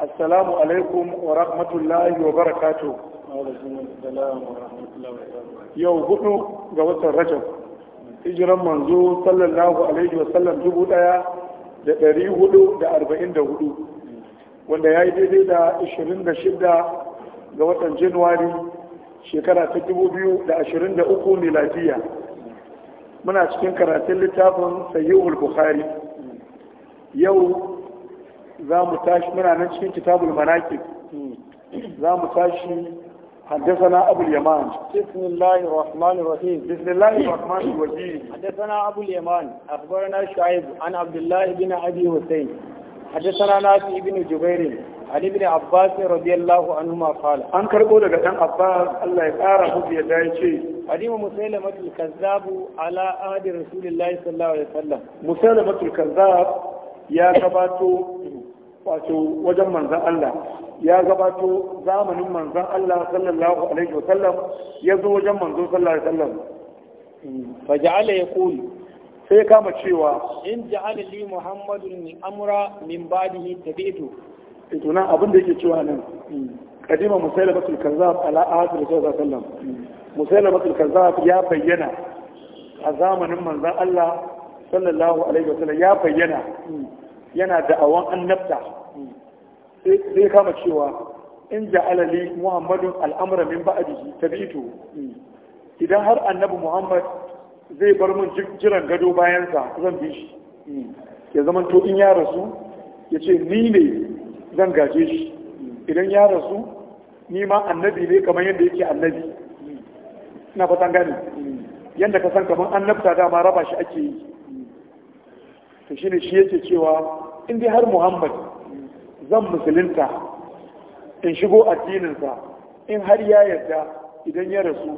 assalamu alaikum wa rahmatullahi wa barakatu. yau hudu ga watan rajab hijiran manzo sallallahu alaihi wa sallam dubu daya da dari hudu da arba'in da hudu wanda ya yi daidai da ashirin da shida ga watan januwari shekara ta dubu biyu da ashirin da uku miladiya muna cikin karatun littafin sayyul bukhari yau za mu tashi muna nan cikin kitabul manaqib za mu tashi حدثنا ابو اليمان بسم الله الرحمن الرحيم بسم الله الرحمن الرحيم حدثنا ابو اليمان اخبرنا شعيب عن عبد الله بن ابي حسين حدثنا نافع بن جبير عن ابن عباس رضي الله عنهما قال ان كربو daga dan abbas Allah ya kara hudi ya dai ce hadimu musailama al kazzab ala ahdi rasulullah sallallahu alaihi wasallam musailama al kazzab ya kabato wato wajen manzan Allah ya gabato zamanin manzan Allah sallallahu alaihi wa sallam ya zo wajen manzo sallallahu alaihi wa sallam fa ja'ala yaqul sai kama cewa in ja'ala li muhammadun amra min ba'dihi tabi'tu to nan abin da yake cewa nan kadima bin kazzab ala ahad rasulullah sallallahu alaihi bin kazzab ya bayyana a zamanin manzan Allah sallallahu alaihi wa sallam ya bayyana yana da da'awan annabta sai kama cewa in ja'ala li muhammadun al'amra min ba'dihi tabitu idan har annabi muhammad zai bar mun jiran gado bayan sa zan bi shi ya zama to in ya rasu ya ce ni ne zan gaje shi idan ya rasu ni ma annabi ne kamar yadda yake annabi ina fatan gani yadda ka san kamar annabta dama raba shi ake yi to ne shi yake cewa in dai har muhammad zan musulunta in shigo addininsa in har ya yarda idan ya rasu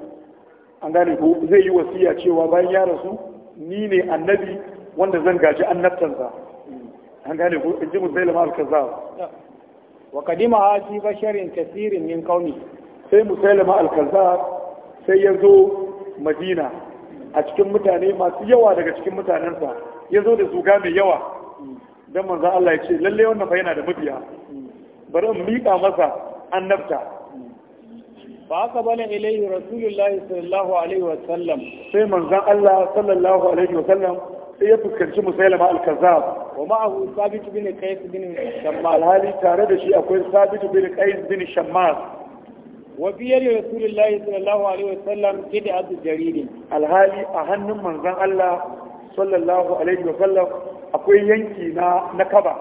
an gane ko zai yi wasiya cewa bayan ya rasu ni ne annabi wanda zan gaji annabtansa an gane ko in ji musailama al-kazzab wa kadima haji basharin kasirin min kauni sai musailama al-kazzab sai ya zo madina a cikin mutane masu yawa daga cikin mutanensa ya zo da zuga mai yawa don manzan Allah ya ce lalle wannan fa yana da mabiya bari in miƙa masa annabta ba aka bala ilayhi rasulullahi sallallahu alaihi wa sallam sai manzan Allah sallallahu alaihi wa sallam sai ya fuskanci musailama al-kazzab wa ma'ahu sabit bin qais bin shammas alhali tare da shi akwai sabit bin qais bin shammas wa bi yadi rasulullahi sallallahu alaihi wa sallam kida azu jaridin alhali a hannun manzan Allah sallallahu alaihi wa sallam akwai yanki na na kaba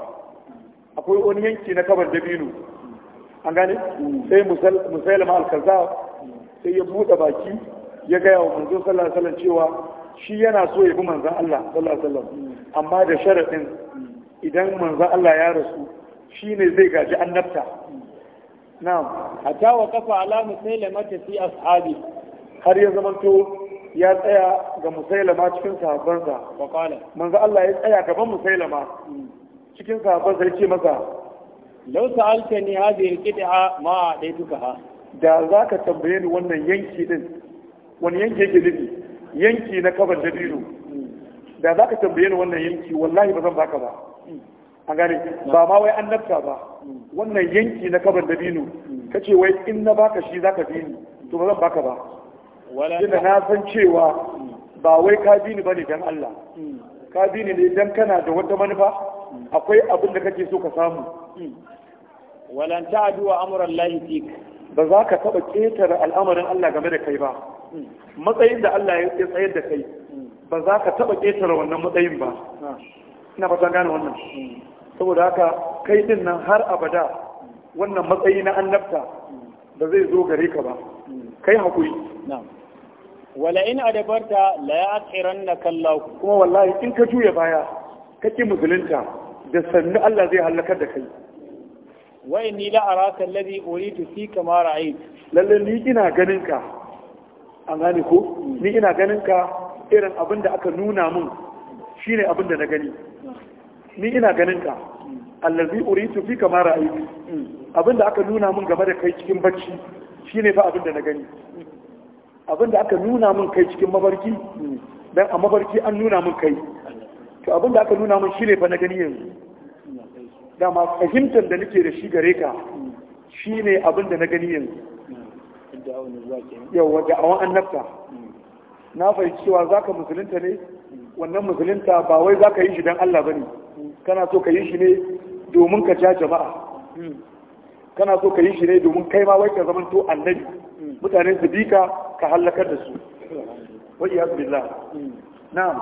akwai wani yanki na kabar dabino an gane sai musailama al-kazzab sai ya buɗe baki ya gaya wa manzo sallallahu alaihi wasallam cewa shi yana so ya bi manzon Allah sallallahu alaihi wasallam amma da sharadin idan manzon Allah ya rasu shine zai gaji annabta na'am hatta wa kafa alamu sai lamata fi ashabi har ya zamanto ya tsaya ga musailama cikin sahabbansa manzo Allah ya tsaya gaban musailama cikin sahabbansa ya ce masa law sa'altani hadhihi al-qit'a ma ha da za ka tambaye ni wannan yanki din wani yanki yake nufi yanki na kabar da da za ka tambaye ni wannan yanki wallahi ba zan baka ba an gane ba ma wai an nafta ba wannan yanki na kabar da dino kace wai in na baka shi zaka bi ni to ba zan baka ba Ina na san cewa ba wai ka bi ni bane dan Allah hmm. ka bi ni ne dan kana da wata manufa hmm. akwai abin da kake so ka samu hmm. walan ta'du wa amran la yutik ba za ka taba ketare al'amarin Allah game da kai ba matsayin da Allah ya tsayar da kai ba za ka taba ketare wannan matsayin ba ah. ina fatan gane wannan saboda haka kai din nan har abada wannan matsayi na annabta ba zai zo gare ka ba kai hakuri na'am wala in adabarta la na Allah kuma wallahi in ka juya baya kake musulunta da sannu Allah zai halakar da kai wa inni la araka alladhi uridu fi kama ra'ayt lalle ni ina ganin ka an gane ko ni ina ganin ka irin abin da aka nuna min shine abin da na gani ni ina ganin ka allazi uritu fi kama ra'ayt abin da aka nuna min game da kai cikin bacci shine fa abin da na gani abinda aka nuna min kai cikin mabarki dan a mabarki an nuna min kai to abinda aka nuna min shine fa na gani yanzu dama fahimtar da nake da shi gare ka shine abinda na gani yanzu yawa da'awan annabta na fahimci cewa zaka musulunta ne wannan musulunta ba wai zaka yi shi dan Allah bane kana so ka yi shi ne domin ka ja jama'a kana so ka yi shi ne domin kai ma wai ka to annabi mutanen su bi ka ka halakar da su wai ya billah na'am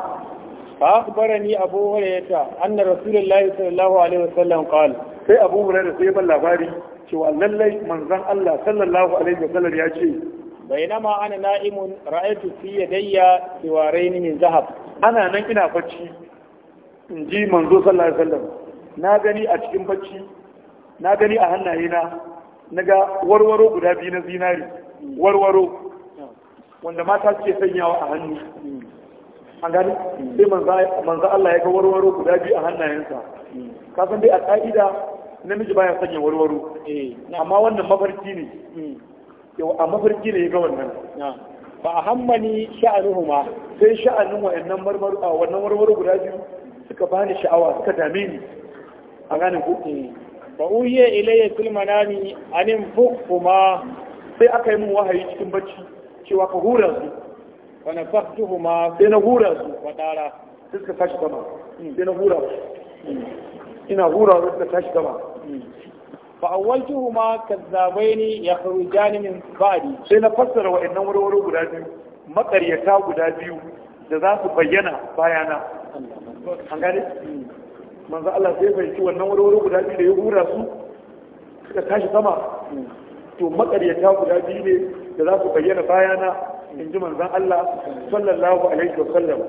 fa akhbarani abu hurairah anna rasulullahi sallallahu alaihi wasallam qala sai abu hurairah sai ban labari cewa lallai manzan Allah sallallahu alaihi wasallam ya ce bainama ana na'imun ra'aytu fi yadayya siwarain min zahab ana nan ina bacci in ji manzo sallallahu alaihi wasallam na gani a cikin bacci na gani a hannayena na ga warwaro guda biyu na zinari warwaro wanda mata suke sanyawa a hannu an gani sai manza Allah ya ga warwaro guda biyu a hannayensa kasan dai a ka'ida namiji baya sanya warwaro amma wannan mafarki ne yau a mafarki ne ya ga wannan ba a hammani huma sai sha'anin wa'annan marmaru a wannan warwaro guda biyu suka bani sha'awa suka dame ni a gane ko ba uhiya ilayya kulmanani anin fukuma sai aka yi min wahayi cikin bacci cewa ka hura su fa na faktuhu ma sai na hura su fa dara sai suka tashi sama sai na hura ina hura su suka tashi sama fa awwaltuhu ma kazzabaini yakhrujani min ba'di sai na fassara wa'annan warwaro guda biyu makaryata guda biyu da za su bayyana bayana an gane manzo Allah sai ya fahimci wannan warwaro guda biyu da ya hura su suka tashi sama to makaryata guda biyu ne da za su bayyana bayana in ji manzan Allah sallallahu alaihi wa sallam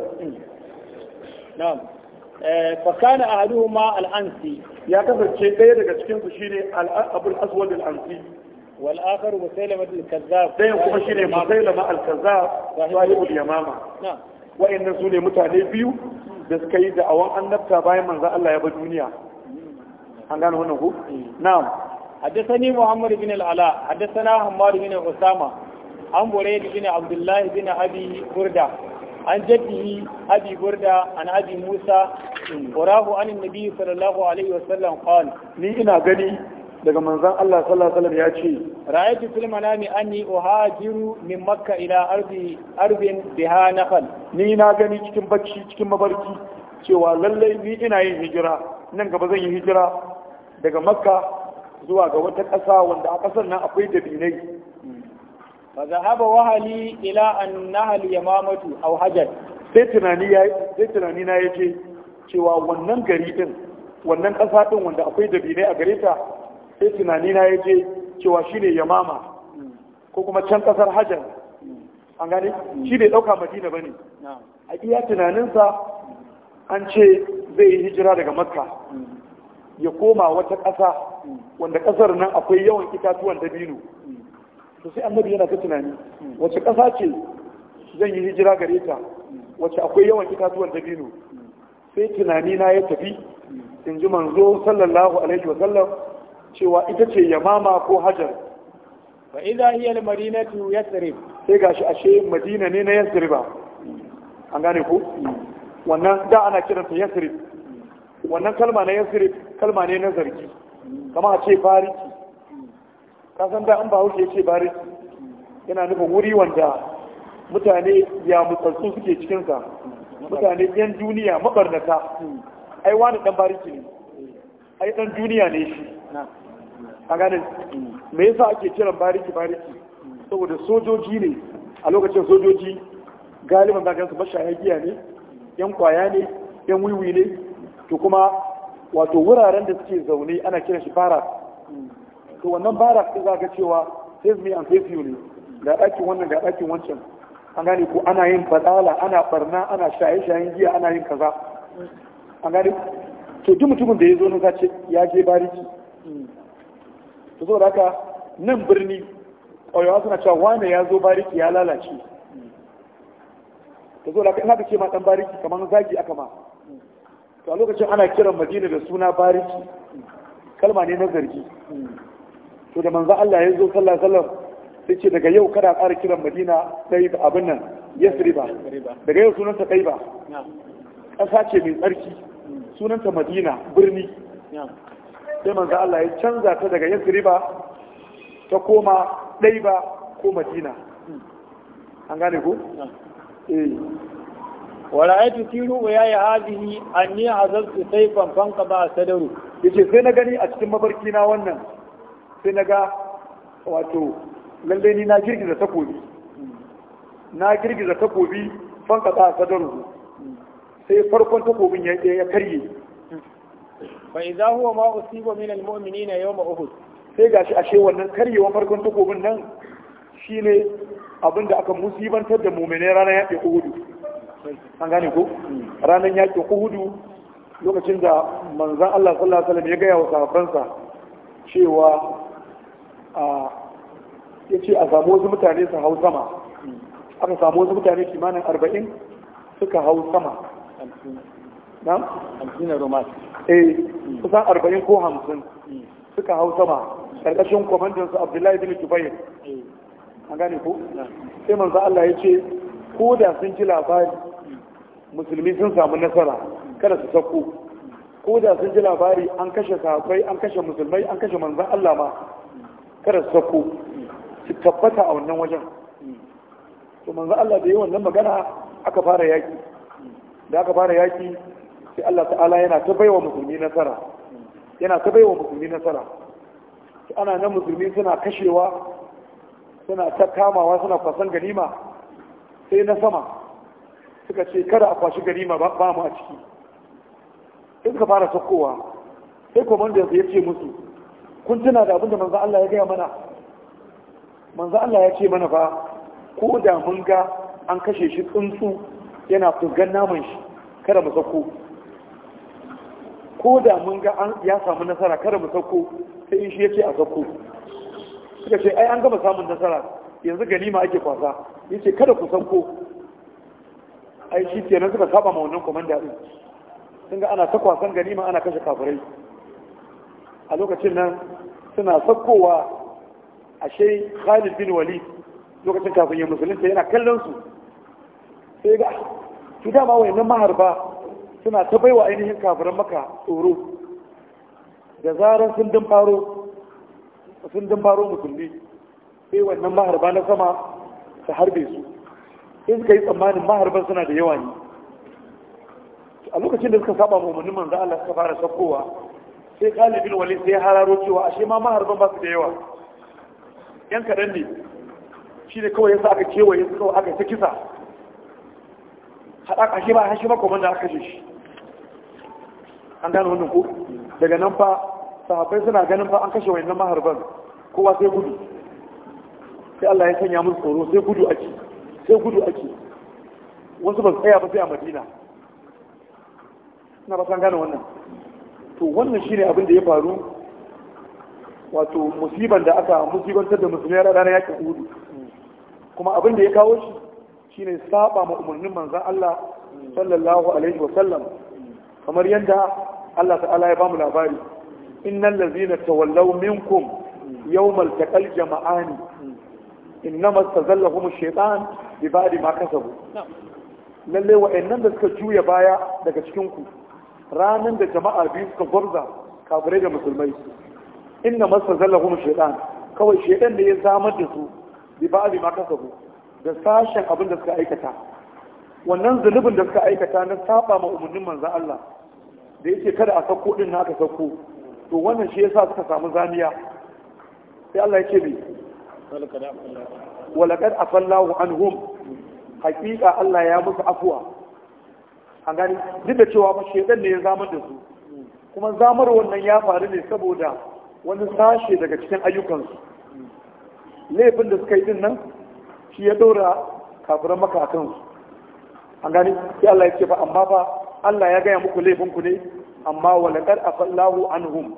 na'am eh, fa kana ahaduhuma al-ansi ya kasance ɗaya daga cikin su shine abul aswad al-ansi wal akhar musailama al-kazzab ɗayan kuma shine musailama al-kazzab sahibu al-yamama na'am wa'annan su ne mutane biyu da suka yi da'awan annabta bayan manzan Allah ya bar duniya an gane wannan ku hmm. na'am حدثني محمد بن العلاء حدثنا حمار بن أسامة عن بريد بن عبد الله بن أبي بردة عن جده أبي بردة عن أبي موسى وراه عن النبي صلى الله عليه وسلم قال ni ina gani daga manzan Allah sallallahu alaihi ya ce ra'aytu fil manami anni uhajiru min makka ila ardi arbin biha nakhal ni na gani cikin bacci cikin mabarki cewa lallai ni ina yin hijira nan gaba zan yi hijira daga makka zuwa ga wata ƙasa wanda a ƙasar nan akwai dabinai ba wa wahali ila an nahal mamatu aw hajar sai tunani ya sai tunani na yace cewa wannan gari ɗin, wannan ƙasa ɗin wanda akwai dabinai a gare ta sai tunani na ce cewa shine yamama ko kuma can ƙasar hajar an gane shi ne ɗauka madina bane a iya tunaninsa an ce zai yi hijira daga makka mm. ya koma wata ƙasa wanda kasar nan akwai yawan itatuwan dabino to sai annabi yana ta tunani wace kasa ce zan yi hijira gare ta wace akwai yawan itatuwan dabino sai tunani na ya tafi in ji manzo sallallahu alaihi wa sallam cewa ita ce yamama ko hajar fa idza hiya al-madinatu yathrib sai gashi ashe madina ne na yathriba an gane ko wannan da ana kiranta yathrib wannan kalma na yathrib kalma ne na zargi kama a ce bariki kasan da an ba hauke ce bariki yana nufin wuri wanda mutane ya mutsatsu suke cikinsa mutane yan duniya mabarnata ai wani dan bariki ne ai dan duniya ne shi a ganin me yasa ake kiran bariki bariki saboda sojoji ne a lokacin sojoji galiban za ka giya ne yan kwaya ne yan wiwi ne to kuma wato wuraren da suke zaune ana kiran shi barak to wannan barak sai za ka cewa save me and face you ne ga ɗakin wannan ga ɗakin wancan an gane ko ana yin fadala ana barna ana shaye-shayen giya ana yin kaza an gane to duk mutumin da ya zo nan ce ya je bariki to saboda haka nan birni ƙwayawa suna cewa wane ya zo bariki ya lalace to saboda haka ina ka ce ma dan bariki kamar zagi aka ma to a lokacin ana kiran madina da suna bariki kalma ne na zargi to da manzo Allah ya zo sallallahu alaihi wasallam sai ce daga yau kada ƙara kiran madina da abin nan yasriba daga yau sunanta kaiba kasa ce mai tsarki sunanta madina birni sai manzo Allah ya canza ta daga yasriba ta koma daiba ko madina hmm. an gane ko eh ورأيت في رؤياي هذه أني عزلت سيفا فانقضى صدره yace sai na gani a cikin mabarki na wannan sai na ga wato lalle ni na girgiza takobi na girgiza takobi fanqata sadaru sai farkon takobin ya ya karye fa idza huwa ma usiba min almu'minina yawm uhud sai gashi ashe wannan karyewan farkon takobin nan shine abinda aka musibantar da mu'minai ranar yaƙin uhud an gane ko ranar yaƙi uhudu lokacin da manzan Allah sallallahu alaihi wasallam ya gaya wa sahabbansa cewa a ya ce a samu wasu mutane su hau sama aka samu wasu mutane kimanin arba'in suka hau sama na? hamsin romas eh kusan arba'in ko hamsin suka hau sama ƙarƙashin su abdullahi bin jubair eh. an gane ko sai manzan Allah ya ce ko da sun ji labari musulmi sun samu nasara kada su sauko. ko da sun ji labari an kashe sahabbai an kashe musulmai an kashe manzan Allah ma kada su sauko. su tabbata a wannan wajen to manzan Allah da yi wannan magana aka fara yaki da aka fara yaki sai Allah ta'ala yana ta baiwa musulmi nasara yana ta baiwa musulmi nasara ana nan musulmi suna kashewa suna ta kamawa suna kwasan ganima sai na sama suka ce kada a kwashi ganima ba mu a ciki in ka fara sakowa sai komandan ya ce musu kun tuna da abinda manzo Allah ya gaya mana manzo Allah ya ce mana fa ko da mun ga an kashe shi tsuntsu yana kugan naman shi kada mu sako ko da mun ga ya samu nasara kada mu sako sai shi ya ce a sako suka ce ai an gama samun nasara yanzu ganima ake kwasa ya ce kada ku sako ai shi kenan suka saba ma wannan komanda din sun ga ana sakwasan ganima ana kashe kafirai a lokacin nan suna sakkowa ashe Khalid bin wali lokacin kafin ya musulunta yana kallon su sai ga su dama yannan maharba suna ta baiwa ainihin kafiran maka tsoro da zarar sun din faro sun din faro musulmi sai wannan maharba na sama ta harbe su sai suka yi tsammanin maharban suna da yawa ne a lokacin da suka saba umarnin manzo Allah suka fara sakowa sai galibin wali sai hararo cewa ashe ma maharban ba su da yawa yan kaɗan ne shi ne kawai yasa aka cewa yasa kawai aka ta kisa hada ashe ba ashe ba komanda aka kashe shi an gane wannan ko daga nan fa sahabbai suna ganin fa an kashe wayannan maharban kowa sai gudu sai Allah ya sanya musu tsoro sai gudu ake sai gudu ake wasu ba tsaya ba sai a madina na basan gane wannan to wannan shine abin da ya faru wato musiban da aka musibantar da musulmi a ranar yakin gudu. kuma abin da ya kawo shi shine saba ma umarnin manzon Allah sallallahu alaihi wa sallam kamar yadda Allah ta'ala ya bamu labari innal ladzina tawallaw minkum yawmal taqal jama'ani innama tazallahum ash-shaytan ibadi ma kasabu lalle wa'annan da suka juya baya daga cikin ku ranan da jama'a biyu suka gwarza kafirai da musulmai inna masa zallahum shaytan kawai shaytan ne ya zamar da su ibadi ma kasabu da sashen abin da suka aikata wannan zulubin da suka aikata na saba ma umarnin manzo Allah da yake kada a sauko din naka sauko to wannan shi yasa suka samu zaniya sai Allah ya ce bi walaqad afallahu anhum hakika Allah ya musu afuwa an gani duk da cewa ba shedan ne ya zamar da su kuma zamar wannan ya faru ne saboda wani sashe daga cikin ayyukansu laifin da suka yi din nan shi ya dora kafiran maka a kansu an gani sai Allah ya ce ba amma ba Allah ya gaya muku laifinku ne amma walaqad afallahu anhum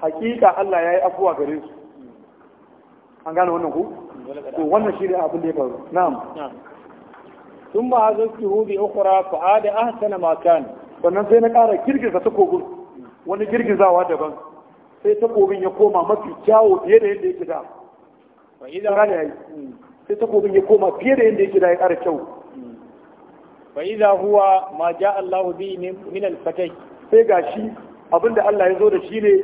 hakika Allah ya yi afuwa gare su an gane wannan ku to wannan shi ne abin da ya faru na'am sun ba suhu bi ukura fa ada ahsana ma kan sannan sai na ƙara girgiza takobin wani girgizawa daban sai takobin ya koma mafi kyawo fiye da yadda yake da hmm. sai takobin ya koma fiye da yadda yake da ya ƙara kyau fa hmm. idza huwa ma ja Allah bi min al fatai sai gashi abinda Allah ya zo da shi ne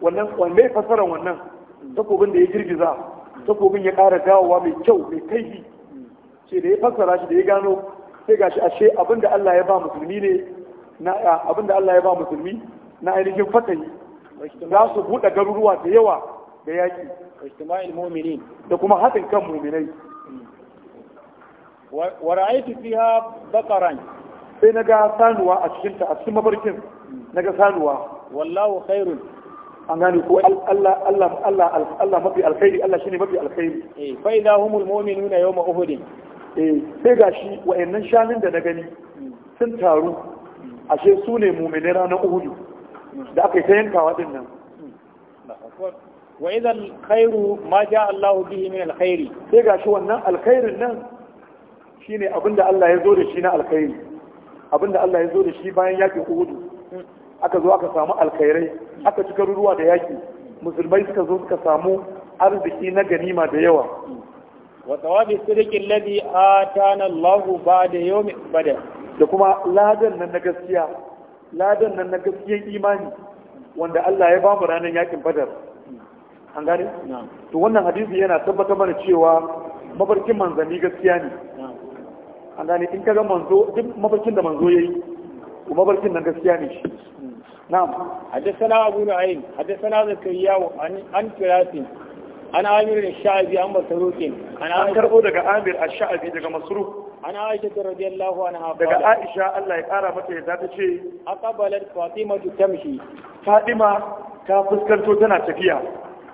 wannan mai fasaran wannan hmm. takobin da ya girgiza takobin ya ƙara dawowa mai kyau mai kaifi ce da ya fassara shi da ya gano sai gashi ashe abinda Allah ya ba musulmi ne na abinda Allah ya ba musulmi na ainihin fatayi za su buɗe garuruwa da yawa da yaƙi da kuma haɗin kan muminai wa ra'aytu fiha baqaran sai naga sanuwa a cikin ta a cikin mabarkin naga sanuwa wallahu khairun an gane ko Allah Allah Allah Allah mafi alkhairi Allah shine mafi alkhairi eh fa idza humul mu'minuna yawma uhud eh sai gashi wayannan shanun da na gani sun taru ashe su ne mu'minai ranar uhud da aka yi ta yankawa din nan wa idan alkhairu ma ja Allah bihi min alkhairi sai gashi wannan alkhairin nan shine abinda Allah ya zo da shi na alkhairi abinda Allah ya zo da shi bayan yakin uhud hmm. aka zo aka samu alkhairai aka ci garuruwa da yaki musulmai suka zo suka samu arziki na ganima da yawa wa tawabi sidqi alladhi atana Allah ba'da yawm badr da kuma ladan nan na gaskiya ladan nan na gaskiyar imani wanda Allah ya mu ranar yakin badar an gane to wannan hadisi yana tabbatar mana cewa mabarkin manzanni gaskiya ne an gane in kaga manzo duk mabarkin da manzo yayi mafarkin nan gaskiya ne shi na'am haddathana abu nu'aym haddathana zakariya an an firasin an amir shabi an basaruqin an an karbo daga amir ash-sha'bi daga masruq an aisha radiyallahu anha daga aisha Allah ya kara mata yadda ta ce aqbalat fatima tamshi fatima ta fuskanto tana tafiya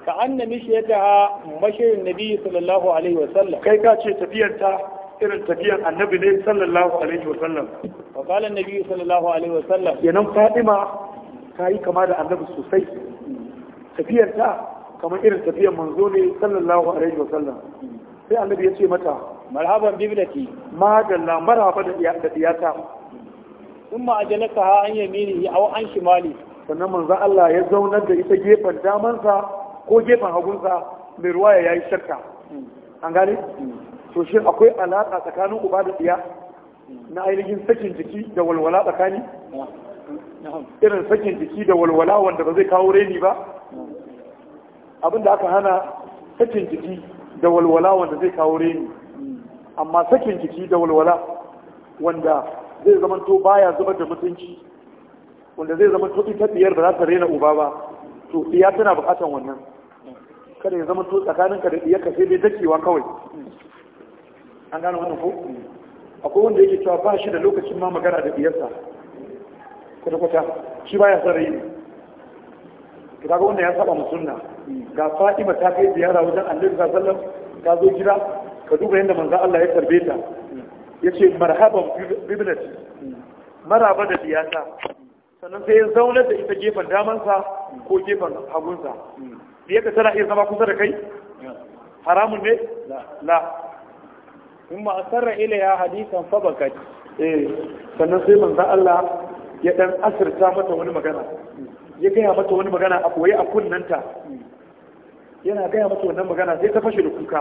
ka anna mishiyataha mashiyin nabi sallallahu alaihi kai ka ce tafiyarta irin tafiyan annabi ne sallallahu alaihi wasallam wa qala annabi sallallahu alaihi wasallam nan fatima ta yi kama da annabi sosai tafiyar ta kamar irin tafiyan manzo ne sallallahu alaihi wasallam sai annabi ya ce mata marhaban biblati madalla marhaba da in ma ajalaka ha an yaminihi aw an shimali sannan manzo Allah ya zaunar da ita gefen damansa ko gefen hagunsa mai ruwaya yayi shakka hmm. an gane hmm. to shi akwai alaƙa tsakanin uba da ɗiya na ainihin sakin jiki da walwala tsakani irin sakin jiki da walwala wanda ba zai kawo reni ba abinda aka hana sakin jiki da walwala wanda zai kawo reni amma sakin jiki da walwala wanda zai zama to baya zubar da mutunci wanda zai zama to ita diyar ba za ta rena uba ba to iya tana bukatan wannan kada ya zama to tsakaninka da diyar sai dai dakewa kawai an gano wannan ko akwai wanda yake cewa ba shi da lokacin ma magana da biyarsa kwata-kwata shi baya son rai to kaga wanda ya saba mu sunna ga Fatima ta kai ziyara wajen Annabi sallallahu alaihi wasallam ta zo gida ka duba yadda manzo Allah ya tarbe ta yace marhaban biblati maraba da biyata sannan sai ya zauna da ita gefen damansa ko gefen hagunsa biyata tana iya zama kusa da kai haramun ne la in ma ila ya hadisan fabakat eh sannan sai manzo Allah ya dan asirta mata wani magana ya gaya mata wani magana a koyi a kunnanta yana gaya mata wannan magana sai ta fashe da kuka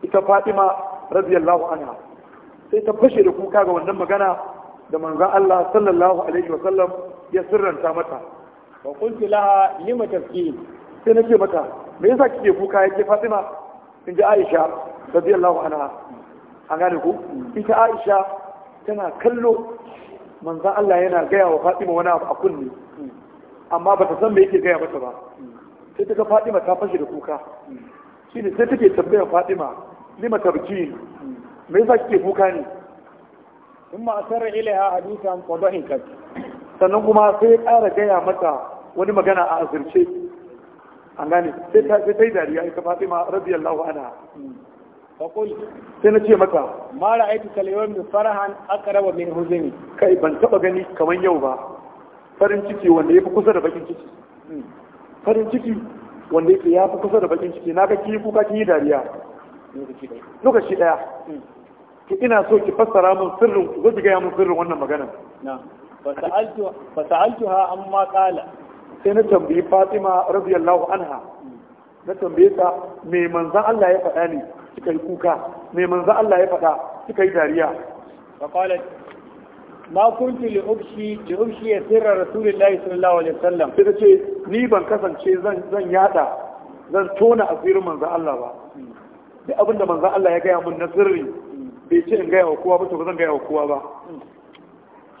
ita Fatima radiyallahu anha sai ta fashe da kuka ga wannan magana da manzo Allah sallallahu alaihi wasallam ya sirranta mata wa kunti laha lima tafkin sai nace mata me yasa kike kuka yake Fatima in ji Aisha radiyallahu anha an gane ku ita aisha tana kallo manzan Allah yana gaya wa Fatima wani abu a kunne amma ba ta san me yake gaya mata ba sai ta ga Fatima ta fashe da kuka shine sai take tambayar Fatima lima tarji me yasa kike kuka ne in ma asarra ilaiha hadisan kai. sannan kuma sai ya ƙara gaya mata wani magana a azirce an gane sai ta yi dariya ita Fatima radiyallahu anha sai na ce mata ma ra'aitu kal yawm bi farahan aqrab min ne. kai ban taba gani kaman yau ba farin ciki wanda ya fi kusa da bakin ciki hmm. farin ciki wanda yake fi kusa da bakin ciki na ga ki kuka ki dariya lokaci daya ki hmm. ina so ki fassara min sirrin ku zo gaya ga min sirrin wannan magana na fasa'altu fasa'altuha amma qala sai na tambayi Fatima radiyallahu anha hmm. na tambaye ta me manzon Allah ya faɗa ne suka yi kuka mai manzo Allah ya faɗa suka yi dariya فقالت ما كنت لأبشي لأبشي سر رسول layi, صلى الله عليه sallam. sai ce ni ban kasance zan zan yada zan tona asirin manzo Allah ba duk abinda manzo Allah ya gaya mun na sirri bai ce in gaya wa kowa ba to ba zan gaya wa kowa ba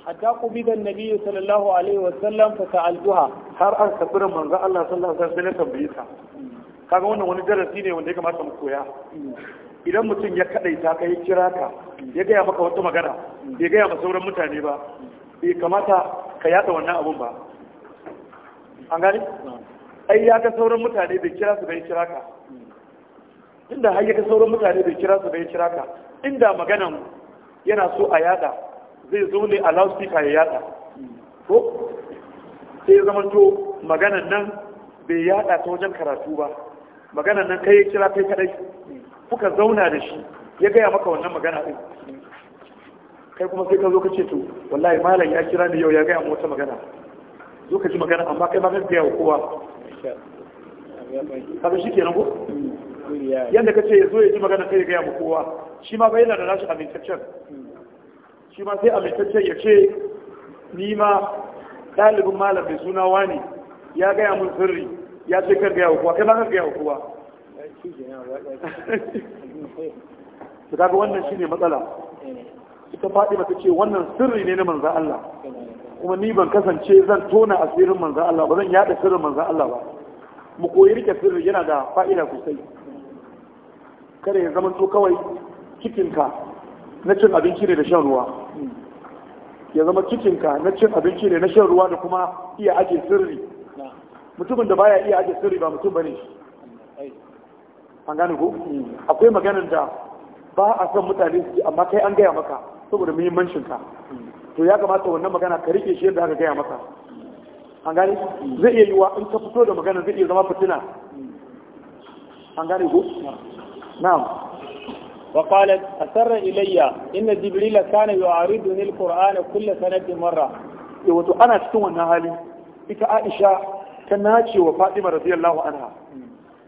hatta da nabi sallallahu alaihi wasallam fa ta'alduha har an kafira manzo Allah sallallahu alaihi wasallam sai na tambaye ta kaga wannan wani darasi ne wanda ya kamata mu koya idan mutum ya kadaita ka ya kira ka ya gaya maka wata magana bai gaya ma sauran mutane ba bai kamata ka yada wannan abun ba an gani? ai ya ga sauran mutane bai kira su bai kira ka inda har ya ga sauran mutane bai kira su bai kira ka inda maganan yana so a yada zai zo ne a loudspeaker ya yada ko sai ya zama to maganan nan bai yada ta wajen karatu ba magana nan kai ya kira kai kadai kuka zauna da shi ya gaya maka wannan magana din kai kuma sai ka zo ka ce to wallahi malam ya kira ni yau ya gaya mu wata magana zo ka ji magana amma kai ba ka gaya wa kowa kaga shi kenan ko yanda kace ya zo ya ji magana kai ya gaya mu kowa shi ma bai da nashi amintaccen shi ma sai amintaccen ya ce ni ma ɗalibin malam mai suna wani ya gaya mun sirri ya ce kan gaya kuwa kai ma kan gaya kowa to kaga wannan shine matsala ita ba ta ce wannan sirri ne na manzan Allah kuma ni ban kasance zan tona asirin manzan Allah ba zan yada sirrin manzan Allah ba mu koyi rike sirri yana da fa'ida sosai kada ya zama to kawai cikinka na cin abinci ne da shan ruwa ya zama cikinka na cin abinci ne na shan ruwa da kuma iya ake sirri mutumin da baya iya ajiye sirri ba mutum bane shi an gane ko akwai maganar da ba a san mutane su amma kai an gaya maka saboda muhimmancin ka to ya kamata wannan magana ka rike shi yadda aka gaya maka an gane zai iya yiwa in ka fito da magana zai iya zama fitina an gane ko na'am وقالت أسر إلي إن جبريل كان يعارضني القرآن كل سنة مرة يوتو أنا تكون هالي إك عائشة ta nace wa Fatima radiyallahu anha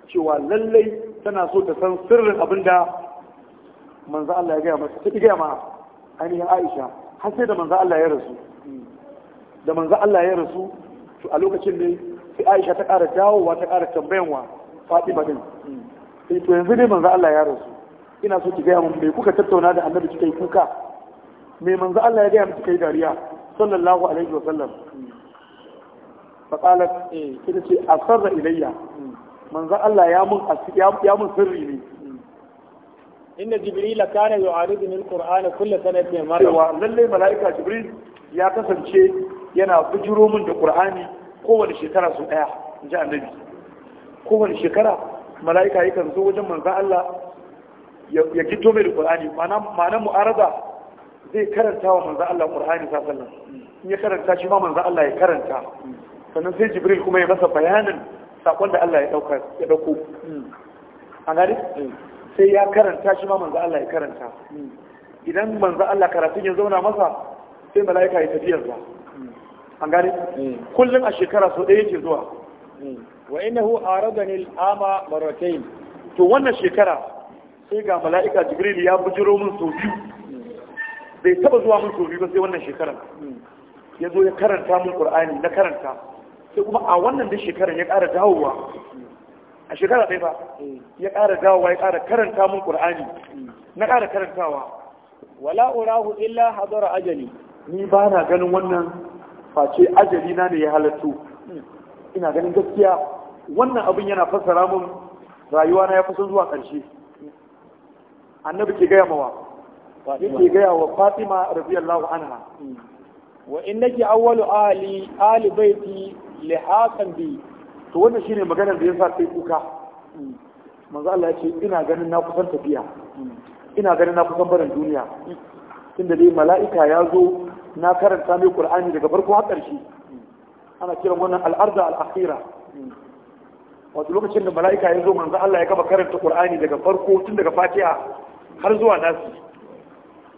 cewa lallai tana so ta san sirrin abinda manzo Allah ya gaya masa ta gaya ma ainihin Aisha har sai da manzo Allah ya rasu da manzo Allah ya rasu to a lokacin ne sai Aisha ta ƙara dawowa ta ƙara tambayanwa wa Fatima din sai eh, to yanzu ne manzo Allah ya rasu ina so ki gaya mun me kuka tattauna da Annabi kika yi kuka me manzo Allah ya gaya kika kai dariya sallallahu alaihi wasallam faƙalat ita ce a sarra ilayya manzan Allah ya mun sirri ne Inda jibril kana yu'aridu min qur'ani kullu sanatin marra wa lalle malaika jibril ya kasance yana bujiro min da qur'ani kowace shekara su daya inji annabi kowace shekara malaika ya kan zo wajen manzan Allah ya kito mai da qur'ani ma'ana mu'arada zai karanta wa manzan Allah qur'ani sallallahu alaihi in ya karanta shi ma manzan Allah ya karanta sannan sai jibril kuma ya masa bayanin sakon da Allah ya dauka ya dauko an gani sai ya karanta shi ma manzo Allah ya karanta idan manzo Allah karatun ya zauna masa sai mala'ika ya tafi yanzu an gani kullum a shekara so ɗaya yake zuwa wa innahu aradani al-ama marratayn to wannan shekara sai ga mala'ika jibril ya bujiro min so biyu bai taba zuwa min so biyu ba sai wannan shekara ya zo ya karanta min qur'ani na karanta sai kuma a wannan da shekarar ya ƙara dawowa a shekara ɗaya ba ya ƙara dawowa ya ƙara karanta mun ƙur'ani na ƙara karantawa wala urahu illa hadara ajali ni ba na ganin wannan face ajali na ne ya halattu ina ganin gaskiya wannan abin yana fassara mun rayuwa na ya kusan zuwa ƙarshe annabi ke gaya mawa yake gaya wa fatima radiyallahu anha wa innaki awwalu ali ali baiti li hakan bi to wannan shine maganar da yasa sai kuka hmm. manzo Allah ya ce ina ganin na kusan tafiya ina ganin na kusan barin duniya hmm. tunda dai mala'ika ya zo na karanta mai qur'ani daga farko har ƙarshe hmm. ana kiran wannan al'arda al'akhira wato lokacin da mala'ika ya zo manzo Allah ya gaba karanta qur'ani daga farko tun daga fatiha har zuwa nasi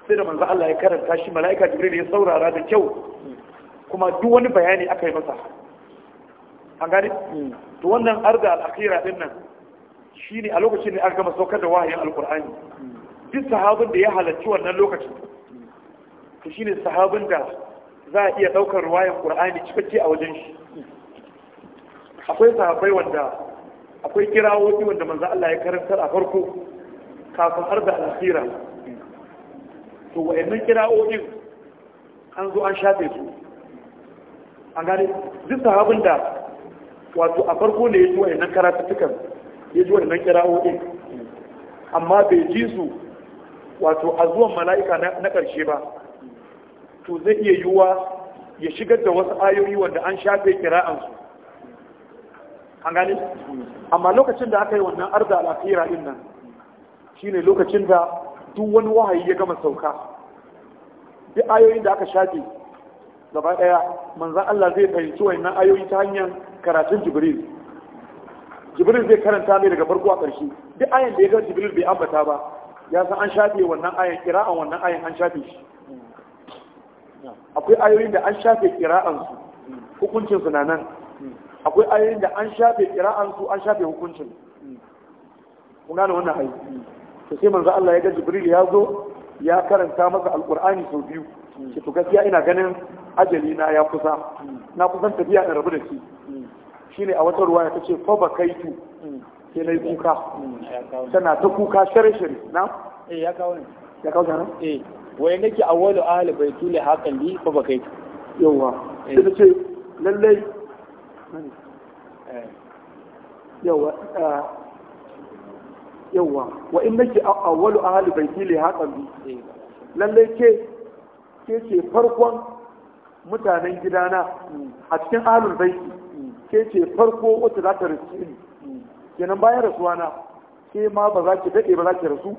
sai da manzo Allah ya karanta shi mala'ika jibril ya saurara da kyau kuma duk wani bayani aka yi masa an gani to wannan arda al-akhira din nan shine a lokacin da aka gama saukar da wahayin alqur'ani duk sahabin da ya halarci wannan lokacin to shine sahabin da za a iya daukar ruwayan qur'ani cikakke a wajen shi akwai sahabbai wanda akwai kirawoyi wanda manzo Allah ya karantar a farko kafin arda al-akhira to wa'annan kira'o'in an zo an shafe su A gane duk sahabin da wato a farko ne ya ji yannan karatattukan ya ji yannan kira'o'in amma bai ji su wato a zuwan mala'ika na ƙarshe ba to zai iya yiwuwa ya shigar da wasu ayoyi wanda an shafe kira'ansu an gane amma lokacin da aka yi wannan arda al'afira inna shi ne lokacin da duk wani wahayi ya gama sauka duk ayoyin da aka shafe gaba ɗaya manzan Allah zai fahimci wannan ayoyi ta hanyar karatun Jibril Jibril zai karanta mai daga farko a ƙarshe duk ayan da ya ga Jibril bai ambata ba ya san an shafe wannan ayan kira'an wannan ayan an shafe shi akwai ayoyin da an shafe kira'an su hukuncin su na nan akwai ayoyin da an shafe kira'an su an shafe hukuncin kuna da wannan ayi to sai manzo Allah ya ga Jibril ya zo ya karanta masa alqur'ani sau biyu ce to gaskiya ina ganin ajali na ya kusa na kusan tafiya in rabu da shi shine a wata ruwaya ce fa kaitu. sai nayi kuka tana ta kuka share share na eh ya kawo ne ya kawo ne eh waye nake awwalu ahli baitu li hakan li fa bakaitu yawa eh. sai ce lallai eh. yawa ah, yawwa wa in nake awwalu ahli baiti li haqan bi lalle ke ke ce farkon mutanen gidana a cikin ahlul baiti ke ce farko wata za ta rasu ni kenan bayan rasuwa na ke ma ba za ki dade ba za ki rasu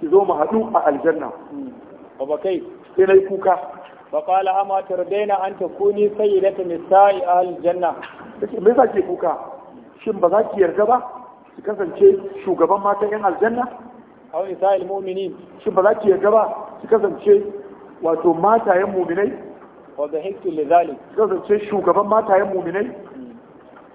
ki zo mu haɗu a aljanna ba kai sai nayi kuka فقال amma تردين an تكوني سيدة نساء أهل Aljanna. me za ki kuka shin ba za ki yarda ba su kasance shugaban matan yan aljanna wani sa'il mu'minin shi ba za ki yarda ba su kasance wato matayen mu'minai wa dhahiktu li zalik su kasance shugaban matayen mu'minai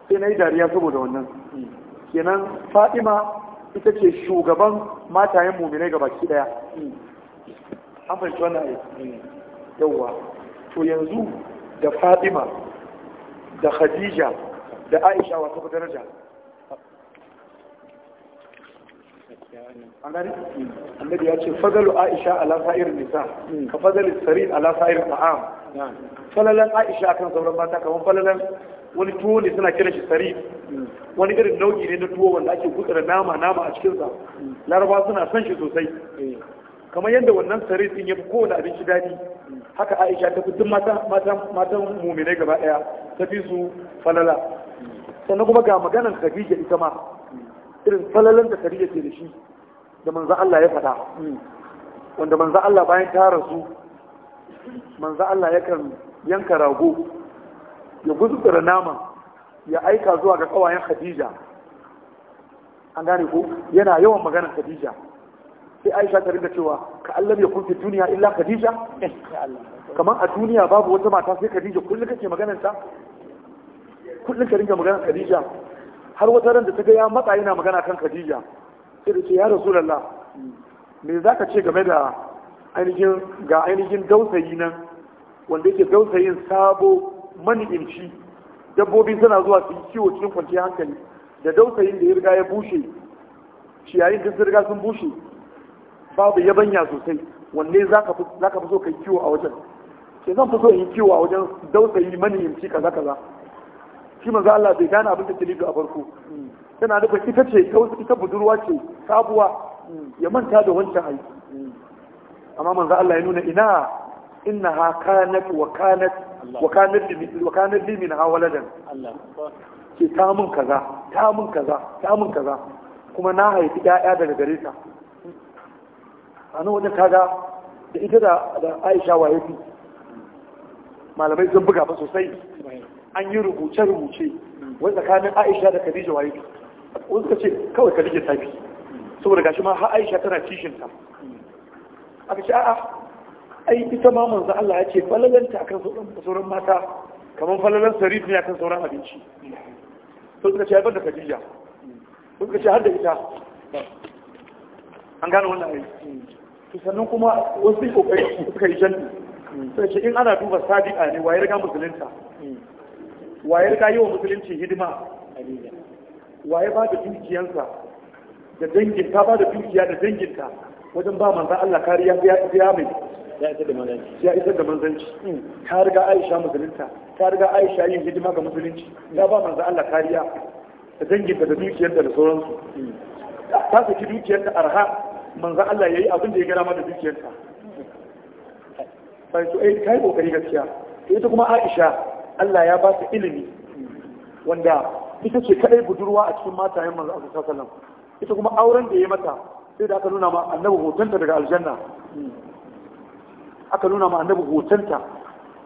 sai na yi dariya saboda wannan hmm. kenan fatima ita ce shugaban matayen mu'minai gabaki daya hmm. an fahimci wannan ayi hmm. yauwa to yanzu da fatima da khadija da aisha wasu daraja an gani annabi ya ce fadalu aisha ala sa'ir nisa ka fadalu Sari ala sa'ir ta'am falalan aisha akan sauran mata kamar falalan wani tuwo ne suna kiran shi sarir wani irin nau'i ne na tuwo wanda ake gutsura nama nama a cikinsa laraba suna son shi sosai eh. kamar yadda wannan sarir sun yi kowane abinci daɗi haka aisha ta fi duk matan muminai gaba ɗaya ta fi su falala sannan kuma ga maganan khadija ita ma irin falalan da khadija ke da shi da manzan Allah ya faɗa hmm. wanda manzan Allah bayan ta rasu manzan Allah ya kan yanka rago ya guzuɗura nama, ya aika zuwa ga kawayen Khadija an gane ko yana yawan maganar Khadija sai Aisha ta rinka cewa ka Allah ya kunfi duniya illa Khadija eh, kamar a duniya babu wata mata sai Khadija kullum kake maganar ta kullum ka rinka maganar Khadija har wata ran da ta ga ya matsa yana magana kan Khadija sai da ce ya lalla me za ka ce game da ainihin ga ainihin dausayi nan wanda yake dausayin sabo mani'inci dabbobi suna zuwa su yi kiwo cikin kwanciyar hankali da dausayin da ya riga ya bushe ciyayin da sun riga sun bushe babu yabanya sosai wanne za ka fi so kai kiwo a wajen ke zan fi so in kiwo a wajen dausayi mani'inci kaza kaza shi manzo Allah bai gane abin da ke a farko tana nufin ita ce ita budurwa ce sabuwa ya manta da wancan aiki amma manzo Allah ya nuna ina ha kanat wa kanat wa kanat li wa kanat li min hawaladan Allah ce ta mun kaza ta mun kaza ta mun kaza kuma na haifi ƴaƴa daga gare ta a nan wajen kaga da ita da da Aisha wa yafi malamai sun buga ba sosai an yi rubuce rubuce wai tsakanin Aisha da Khadija wa yafi wani suka ce kawai ka rike tafi saboda gashi ma har aisha tana ta aka ce a'a ai ita ma manzo Allah ya ce falalanta akan sauran mata kamar falalan sarif ne akan sauran abinci to suka ce haifar da kadija suka ce har da ita an gane wannan ai to sannan kuma wasu kokari suka yi jan suka ce in ana duba sadiqa ne wayar ga musulunta wayar ga yi wa musulunci hidima waye ba da dukiyansa da dangin ta ba da dukiya da ta wajen ba manzo Allah kariya ya mai ya isa da manzanci hmm. ta riga Aisha musulunta ta riga Aisha yin hidima ga musulunci ya hmm. ba manzo Allah kariya da danginta da dukiyar da sauransu hmm. ta saki ta arha manzo Allah ya yi abin da ya gara mata eh, ta sai to ai kai kokari gaskiya ita kuma Aisha Allah ya ba ta ilimi wanda ita ce kadai budurwa a cikin matayen manzo Allah sallallahu alaihi wasallam ita kuma auren da ya mata sai da aka nuna ma annabi hotonta daga aljanna aka nuna ma annabi hotonta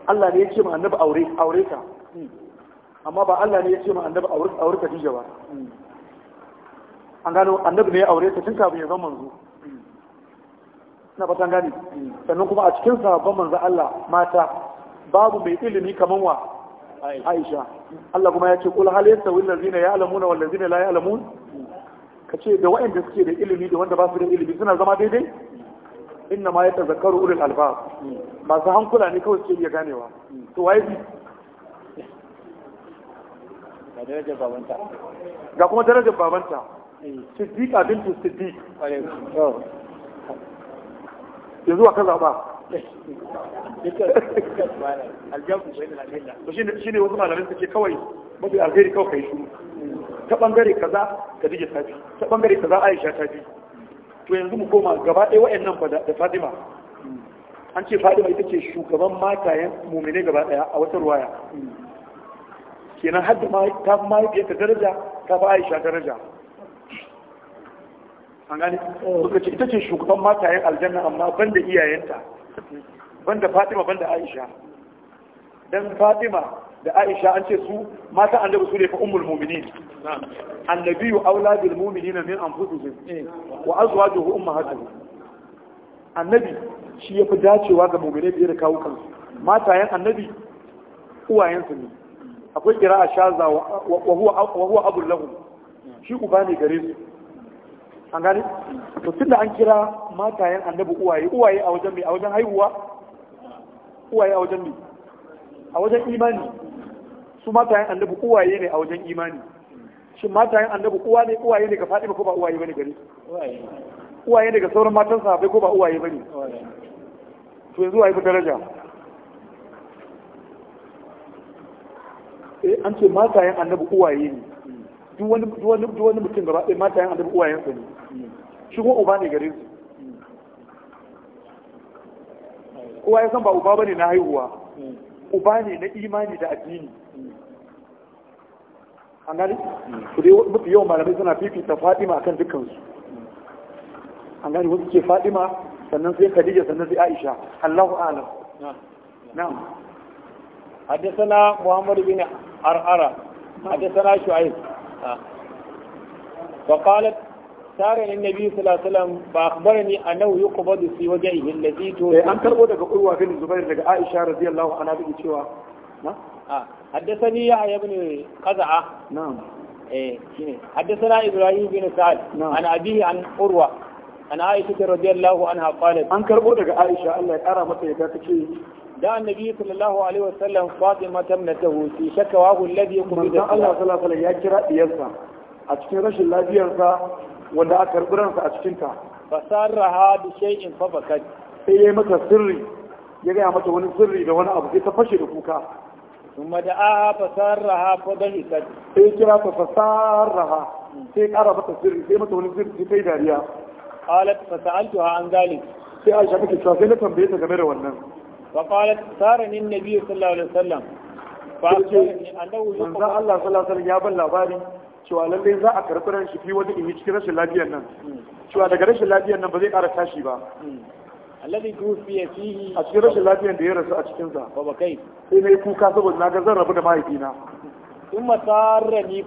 Allah ne ya ce ma annabi aure aure ta amma ba Allah ne ya ce ma annabi aure aure ta ba an gano annabi ne ya aure ta tun kafin ya zama manzo na fatan gani sannan kuma a cikin sahabban manzo Allah mata babu mai ilimi kaman wa aisha Allah kuma ya ce kul hal yastawi allazina ya'lamuna wal ladzina la ya'lamun kace da waɗanda suke da ilimi da wanda ba su da ilimi suna zama daidai inna ma yatazakkaru ulul albab masu hankula ne kawai suke iya ganewa to waye bi ga darajar babanta ga kuma darajar babanta siddiqa bintu siddiq yanzu aka zaba shi ne wasu malamai suke kawai mafi alheri kawai kai shuru ta bangare kaza ka dije fi, ta bangare kaza aisha ta fi. to yanzu mu koma gaba ɗaya nan fa da fatima an ce fatima ita ce shugaban matayen mumine gaba ɗaya a wata ruwaya kenan har da ta fi mahaifiyarta daraja ta fi aisha daraja an gane suka ce ita ce shugaban matayen aljanna amma ban da iyayenta banda fatima banda aisha dan fatima da aisha an ce su mata annabi su ne fa ummul mu'minin annabiyyu aula bil mu'minina min anfusihim wa azwajuhu ummahatuhum annabi shi yafi dacewa ga mu'mine fiye da kawo kansu matayen annabi uwayensu ne akwai kira a shaza wa huwa abul lahum shi uba ne gare su an gane to tunda an kira matayen annabi uwaye uwaye a wajen mai a wajen haihuwa uwaye a wajen mai a wajen imani su matayen annabi uwaye ne a wajen imani shin matayen annabi uwa ne uwaye ne ga Fatima ko ba uwaye bane gare uwaye ne ga sauran matan sahabbai ko ba uwaye bane to yanzu waye fi daraja eh an ce matayen annabi uwaye ne duk wani mutum gaba ɗaya matayen annabi uwayensa ne shi kuma uba ne gare su kowa ya san ba uba bane na haihuwa uba ne na imani da addini an gani su dai mafi yawan malamai suna fifita fadima akan dukkansu an gani wasu ke fadima sannan sai khadija sannan sai aisha allahu alam na'am حدثنا محمد بن عرعرة حدثنا شعيب فقالت tare ne nabi sallallahu alaihi wasallam ba akhbarani annahu yuqbadu fi wajhihi alladhi tu eh, an karbo daga urwa bin zubair daga aisha radiyallahu anha cewa na a ah, haddathani yahya ibn qaza'a na'am eh, ibrahim bin sa'ad an abihi an urwa an aisha radiyallahu anha qalat an karbo daga aisha Allah ya kara mata yadda take النبي صلى الله عليه وسلم فاطمة ابنته في شكواه الذي قبض الله صلى الله عليه وسلم يجرى a cikin rashin الله wanda aka karɓi ransa a cikinta fasarraha bi shay'in fa bakat sai ya yi mata sirri ya gaya mata wani sirri da wani abu sai ta fashe da kuka kuma da aha fasarraha fa dahi sai kira ta fasarraha sai kara mata sirri sai mata wani sirri sai ta yi dariya qalat fasaltuha an zalik sai Aisha take cewa sai na tambaye ta game da wannan Ba wa qalat sarani annabi sallallahu alaihi wasallam fa annahu Allah sallallahu alaihi wasallam ya ban labari cewa lallai za a karɓi ran shi fi wani in cikin rashin lafiyar nan cewa daga rashin lafiyar nan ba zai ƙara tashi ba alladhi tufiya fihi a cikin rashin lafiyar da ya rasu a cikin sa ba kai sai nayi kuka saboda na ga zan rabu da mahaifina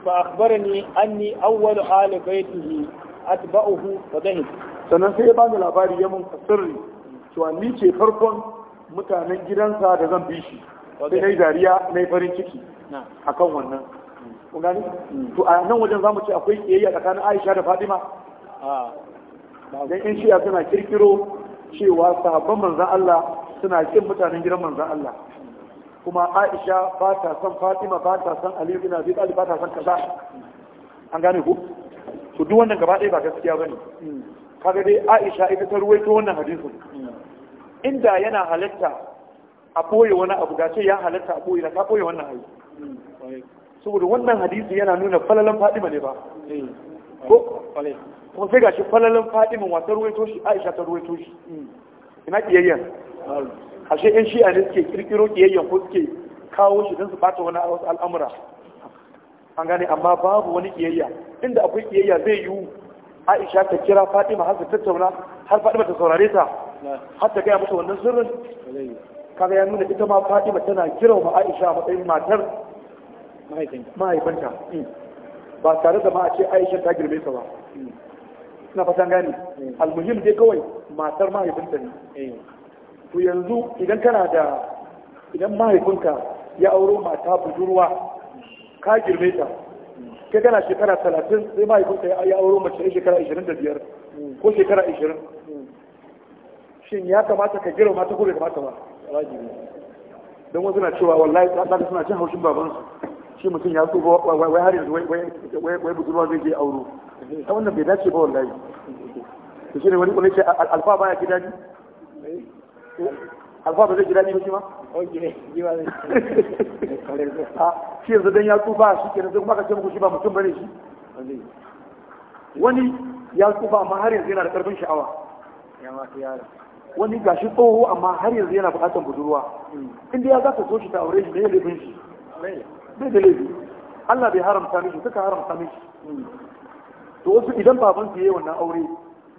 fa akhbarani anni awwal أول آل atba'uhu fa فذهب sannan sai ya bani labari ya mun sirri cewa ni ce farkon mutanen gidansa da zan bi shi sai na dariya na farin ciki akan wannan ku gani to a nan wajen zamu ce akwai kiyayya tsakanin Aisha da Fatima dan in shi suna kirkiro cewa sahabban manzon Allah suna kin mutanen gidan manzon Allah kuma Aisha ba ta san Fatima ba ta san Ali bin Abi Talib ba ta san kaza an gane ku to duk wannan gaba ɗaya ba gaskiya bane kaga dai Aisha ita ta ruwaito wannan hadisin inda yana halatta a boye wani abu gace ya halatta a boye na ta ɓoye wannan abu saboda wannan hadisi yana nuna falalan fadima ne ba eh, ko kuma sai shi falalan fadima wata ruwaito shi aisha ta ruwaito shi hmm. ina kiyayyen ashe yan shi'a ne suke kirkiro kiyayyen ko suke kawo shi don su bata wani al'amura an gane amma babu wani kiyayya inda akwai kiyayya zai yiwu aisha ta kira fadima har ta tattauna har fadima ta saurare ta har ta gaya mata wannan sirrin kaga ya nuna ita ma fadima tana kira ma aisha a matsayin matar mahaifinta hmm. ba tare da ma a ce aisha ta girme ta ba suna hmm. fasa gane hmm. almuhim dai kawai matar mahaifinta ne to yanzu idan kana da idan mahaifinka ya auro mata budurwa ka girme ta kai kana shekara talatin sai mahaifinka ya auro mace ya shekara ashirin da biyar ko shekara ashirin shin ya kamata ka girma ta ko bai kamata ba don wasu na cewa wallahi ta suna cin haushin babansu shi mutum ya so wai har yanzu wai budurwa zai je auro ta wannan bai dace ba wallahi to shi ne wani kuma ce alfa baya ki daji alfa ba zai ji mutum ba shi ma shi yanzu dan ya tsufa shi kenan zai kuma ka ce muku shi ba mutum bane shi wani ya tsufa amma har yanzu yana da karfin sha'awa wani shi tsoho amma har yanzu yana bukatar budurwa hmm. inda ya za ka so shi ta aure shi ne ya laifin shi bai da laifi Allah bai haramta miki suka haramta miki to wasu idan baban su yi wannan aure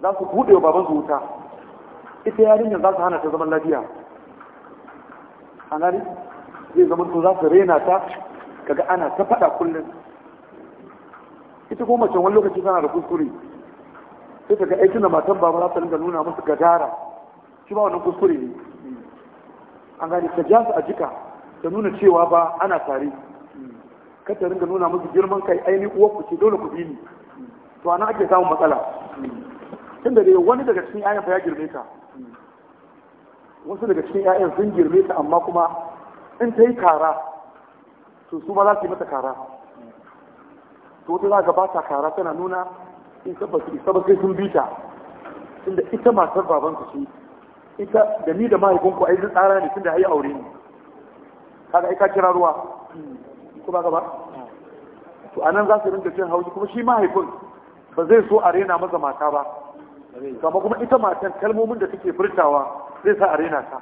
za su bude wa baban su wuta ita yarinya za su hana ta zaman lafiya a gani zai zama to za su rena ta kaga ana ta faɗa kullum ita kuma mace wani lokaci tana da kuskure sai ta ga aikin da matan baba za ta dinga nuna musu gadara shi ba wannan kuskure ne an gani ta ja su a jika ta nuna cewa ba ana tare kada ringa nuna musu girman kai ainihin uwar ku ce dole ku bi ni to ana ake samun matsala tunda dai wani daga cikin ayan fa ya girme ta wasu daga cikin ayan sun girme ta amma kuma in ta yi kara to su ma za su yi mata kara to wata za ga ba ta kara tana nuna in saba isa ba sai sun bi ta tunda ita matar baban ku ce ita da ni da mahaifinku ai zan tsara ne tunda ai aure ne kaga ai ka kira ruwa ko ba to anan za su rinka cin haushi kuma shi mahaifin ba zai so a rena masa mata ba kama kuma ita matan kalmomin da suke furtawa zai sa a rena ta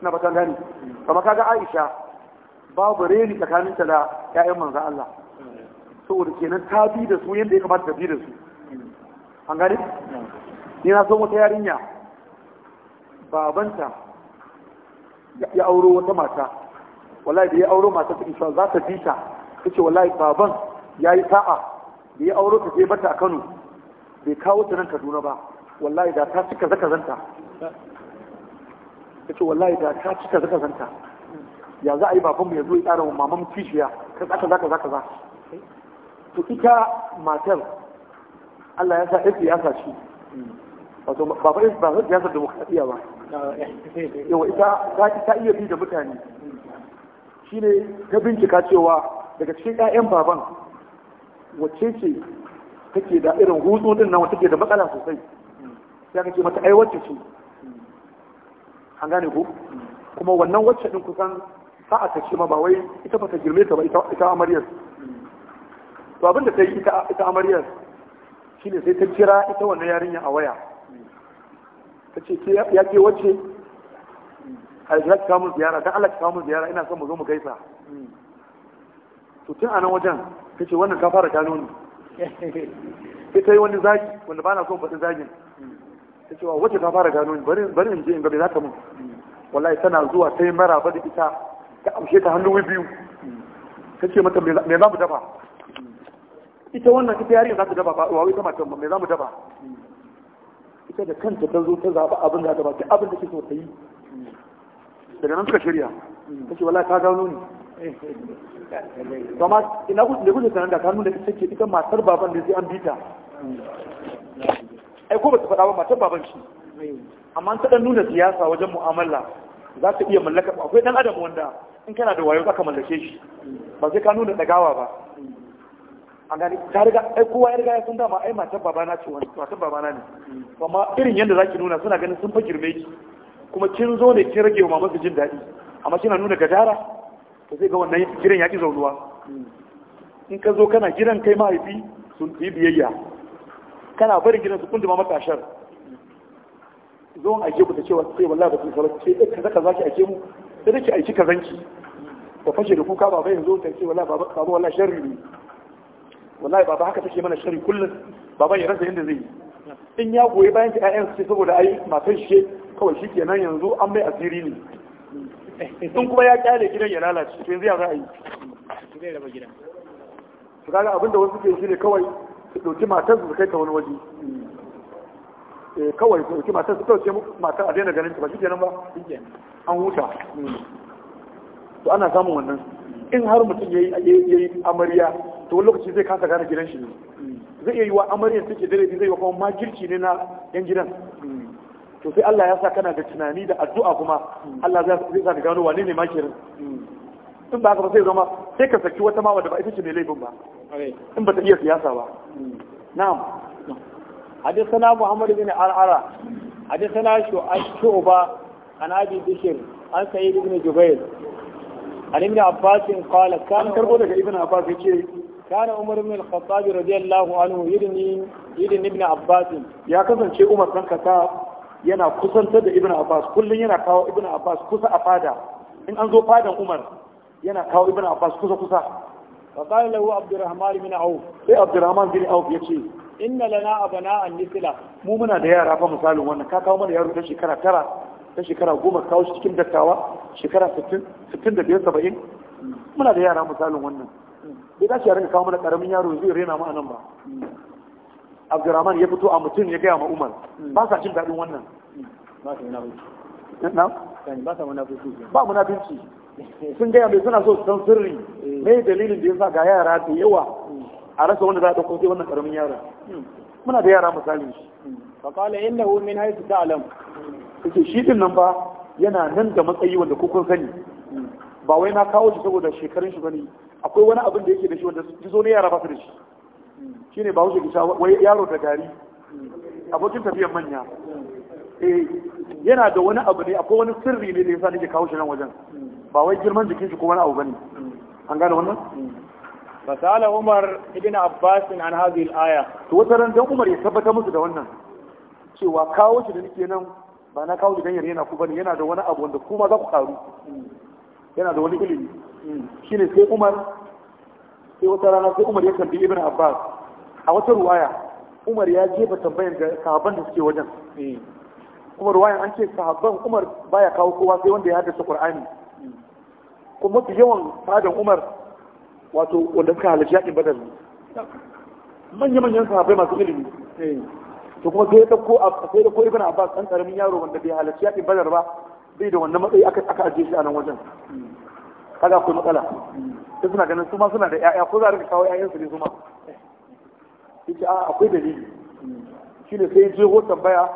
na batan gani kama kaga aisha babu reni tsakaninta da ƴaƴan manzan Allah saboda kenan ta bi da su yadda ya kamata ta bi da su an gani ni na so wata yarinya babanta ya auro wata mata wallahi da ya auro mata ta isa za ta bi ta kace wallahi baban ya yi sa'a da ya auro ta je bata a Kano bai kawo ta nan Kaduna ba wallahi da ta cika zaka zanta kace wallahi da ta cika zaka zanta ya za a yi babanmu ya zo ya tsara wa maman kishiya ka zaka zaka zaka za to ita matar Allah ya sa ifi ya sa shi wato ba fa ba ya sa demokradiya ba eh, yawa ita ta iya bi da mutane shine ta bincika cewa daga cikin 'ya'yan baban wacce ce take da irin hutu din nan take ke da matsala sosai ya aka ce mata ai wacce ce an gane ku kuma wannan wacce din kusan sa'a ta ce ma ba wai ita ba ta girme ta ba ita amaryar to abin da ta yi ita amaryar shine sai ta kira ita wannan yarinya a waya ta ce ya ke wacce a za ziyara dan Allah ki ziyara ina son mu zo mu gaisa to tun a nan wajen ta ce wannan ka fara gano ni ita yi wani zagi wanda ba na son faɗi zagin ta ce wa wacce ta fara gano ni bari in je in gabe za ta mun wallahi tana zuwa ta yi mara ba da ita ta amshe ta hannu biyu ta ce mata me za mu dafa ita wannan ita yarinya za ta dafa ba wai ta matan me za mu dafa ita da kanta ta zo ta zaɓa abin da ta ba abin da ke so ta yi daga nan suka shirya ta ce wallahi ta gano ni kuma ina da kuke sanar da kanun da take ita matar baban da zai an bita ai ko ba ta faɗa ba matar baban shi amma ta dan nuna siyasa wajen mu'amala za ka iya mallaka akwai dan adam wanda in kana da wayo zaka mallake shi ba sai ka nuna dagawa ba an gani ta riga ai kowa ya riga ya san dama ai matar babana ce wani matar babana ne amma irin yadda zaki nuna suna ganin sun fa girme ki kuma kin zo ne kin rage wa mamansa jin daɗi amma kina nuna gadara to zai ga wannan gidan ya ƙi zaunuwa in ka zo kana gidan kai mahaifi sun yi biyayya kana barin gidan su kunduma maka ashar zo aike ku ta cewa sai wallahi ba ku salat ce kaza kaza ki aike mu sai ki aiki kazanki ba fashe da kuka baba yanzu ta ce wallahi baba baba wallahi sharri ne wallahi baba haka take mana sharri kullum baba ya rasa yanda zai yi in ya goyi bayan ta ƴaƴan su saboda ai matan shi kawai shi kenan yanzu an mai asiri ne in kuma ya kyale gidan ya lalace to yanzu ya za a yi su kaga abinda wasu ke shi ne kawai su ɗauki matan su kai ta wani waje eh, kawai su ɗauki matan su ɗauke matan a daina ganin ta ba shi kenan ba an huta to ana samun wannan in har mutum ya yi amarya to wani lokaci zai kasa gane gidan shi ne zai iya yi wa amaryar take dare zai yi kuma magirci ne na yan gidan to sai Allah ya sa kana da tunani da addu'a kuma Allah zai sa ka gano wane ne makirin in ba haka ba sai zama sai ka saki wata ma wadda ba ita ce mai laifin ba in ba ta iya siyasa ba na'am حدثنا محمد بن عرعرة حدثنا شعبة عن أبي بشر عن سعيد بن جبير عن ابن عباس قال كان كربو daga ibn abbas yace kana umar ibn al-khattab radiyallahu anhu yidni yidni ibn abbas ya kasance umar dan kasa yana kusantar da ibn abbas kullun yana kawo ibn abbas kusa a fada in an zo fadan umar yana kawo ibn abbas kusa kusa fa qala lahu abdurrahman ibn sai abdurrahman bin auf yace inna lana abana an nisla mu muna da yara fa misalin wannan ka kawo mana yaro ta shekara goma kawo cikin dattawa shekara sittin da biyar saba'in muna da yara misalin wannan bai dace ya rinka kawo mana karamin yaro zai rena mu nan ba abdurrahman ya fito a mutum ya gaya ma umar ba sa cin daɗin wannan ba munafinci sun gaya mai suna so san sirri eh. me dalilin da ya sa ga yara da yawa hmm. a rasa wanda za a ɗauko sai wannan ƙaramin yara hmm. muna da yara misali hmm. faƙala inda hu min haisu ta alam kace shi din nan ba yana nan da matsayi wanda kukun sani ba wai na kawo shi saboda shekarun shi bane akwai wani abin da yake da shi wanda zo ne yara ba su da shi shine ba wuce gisa wai yaro da gari abokin tafiyar manya eh yana da wani abu ne akwai wani sirri ne da yasa nake kawo shi nan wajen ba wai girman jikin shi ko wani abu bane an gane wannan fasala umar ibn abbas an hadhihi al-aya to wata ran dan umar ya tabbata musu da wannan cewa kawo shi da nake nan ba na kawo shi dan yana ku bane yana da wani abu wanda kuma za ku karu yana da wani ilimi ne sai Umar sai wata rana sai Umar ya tambayi Ibn Abbas a wata ruwaya Umar ya jefa tambayan da sahabban da suke wajen kuma ruwayan an ce sahabban Umar baya kawo kowa sai wanda ya haddasa Qur'ani kuma mafi yawan fadan Umar wato wanda suka halarci yakin Badar manya-manyan sahabbai masu ilimi to kuma sai ya dauko sai ko Ibn Abbas dan karamin yaro wanda bai halarci yakin Badar ba bai da wannan matsayi aka ajiye shi a nan wajen kaga akwai matsala sai suna ganin su ma suna da ƴaƴa ko za ka kawo ƴaƴansu ne su ma yace a akwai dalili shine sai je ho tambaya